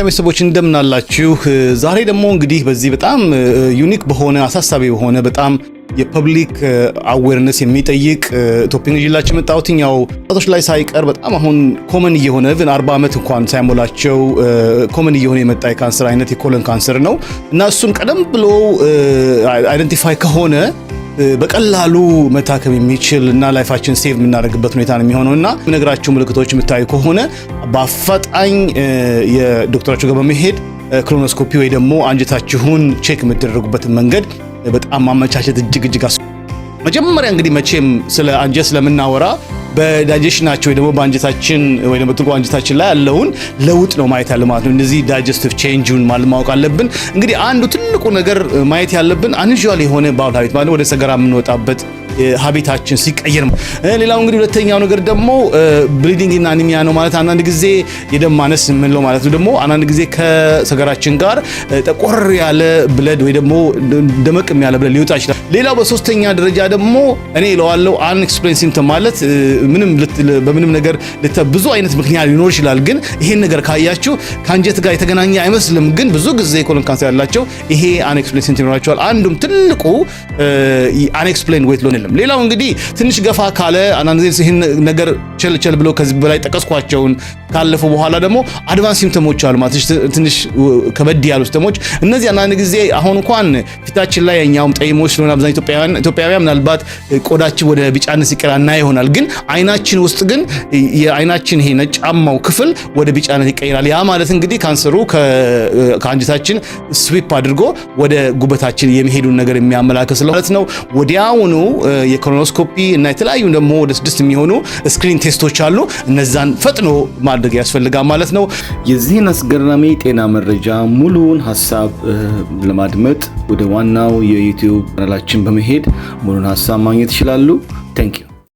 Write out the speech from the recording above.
ሚዲያ ቤተሰቦች እንደምን አላችሁ? ዛሬ ደግሞ እንግዲህ በዚህ በጣም ዩኒክ በሆነ አሳሳቢ በሆነ በጣም የፐብሊክ አዌርነስ የሚጠይቅ ቶፒክ ይዤላችሁ የመጣሁት ያው ወጣቶች ላይ ሳይቀር በጣም አሁን ኮመን እየሆነ ግን 40 ዓመት እንኳን ሳይሞላቸው ኮመን እየሆነ የመጣ የካንሰር አይነት የኮለን ካንሰር ነው እና እሱን ቀደም ብሎ አይደንቲፋይ ከሆነ በቀላሉ መታከም የሚችል እና ላይፋችን ሴቭ የምናደርግበት ሁኔታ ነው የሚሆነው እና የምነግራችሁ ምልክቶች የምታዩ ከሆነ በአፋጣኝ የዶክተራችሁ ጋር በመሄድ ክሎኖስኮፒ ወይ ደግሞ አንጀታችሁን ቼክ የምትደረጉበትን መንገድ በጣም ማመቻቸት እጅግ እጅግ መጀመሪያ እንግዲህ መቼም ስለ አንጀት ስለምናወራ በዳይጀሽናችን ወይ ደግሞ በአንጀታችን ወይ ደግሞ በትልቁ አንጀታችን ላይ ያለውን ለውጥ ነው ማየት ያለ ማለት ነው። እነዚህ ዳይጀስቲቭ ቼንጅን ማወቅ አለብን። እንግዲህ አንዱ ትልቁ ነገር ማየት ያለብን አንዥዋል የሆነ ባውል ሀቢት ማለት ወደ ሰገራ የምንወጣበት ሀቢታችን ሲቀየር። ሌላው እንግዲህ ሁለተኛው ነገር ደግሞ ብሊዲንግ እና አኒሚያ ነው ማለት አንዳንድ ጊዜ የደም ማነስ የምንለው ማለት ነው። ደግሞ አንዳንድ ጊዜ ከሰገራችን ጋር ጠቆር ያለ ብለድ ወይ ደግሞ ደመቅም ያለ ብለድ ሊወጣ ይችላል። ሌላው በሶስተኛ ደረጃ ደግሞ እኔ ለዋለው አንኤክስፕሌን ሲምተም ማለት በምንም ነገር ብዙ አይነት ምክንያት ሊኖር ይችላል። ግን ይሄን ነገር ካያችሁ ከአንጀት ጋር የተገናኘ አይመስልም። ግን ብዙ ጊዜ ኮሎን ካንሰር ያላቸው ይሄ አንኤክስፕሌን ሲምተም ይኖራቸዋል። አንዱም ትልቁ አንኤክስፕሌን ዌት ሎን የለም አይደለም። ሌላው እንግዲህ ትንሽ ገፋ ካለ አናንዜ ይህን ነገር ቸልቸል ብሎ ከዚህ በላይ ጠቀስኳቸውን ካለፉ በኋላ ደግሞ አድቫንስ ሲምተሞች አሉ ማለት ትንሽ ከበድ ያሉ ሲምተሞች እነዚህ አንዳንድ ጊዜ አሁን እንኳን ፊታችን ላይ እኛውም ጠይሞች ስለሆነ አብዛኛው ኢትዮጵያውያን ምናልባት ቆዳችን ወደ ቢጫነት ሲቀር እና ይሆናል ግን አይናችን ውስጥ ግን የአይናችን ይሄ ነጫማው ክፍል ወደ ቢጫነት ይቀይራል። ያ ማለት እንግዲህ ካንሰሩ ከአንጀታችን ስዊፕ አድርጎ ወደ ጉበታችን የሚሄዱን ነገር የሚያመላክት ስለማለት ነው። ወዲያውኑ የኮሎኖስኮፒ እና የተለያዩ ደግሞ ወደ ስድስት የሚሆኑ ስክሪን ቴስቶች አሉ። እነዛን ፈጥኖ ማድረግ ያስፈልጋል ማለት ነው። የዚህን አስገራሚ ጤና መረጃ ሙሉውን ሀሳብ ለማድመጥ ወደ ዋናው የዩቲዩብ ቻናላችን በመሄድ ሙሉን ሀሳብ ማግኘት ይችላሉ። ታንኪዩ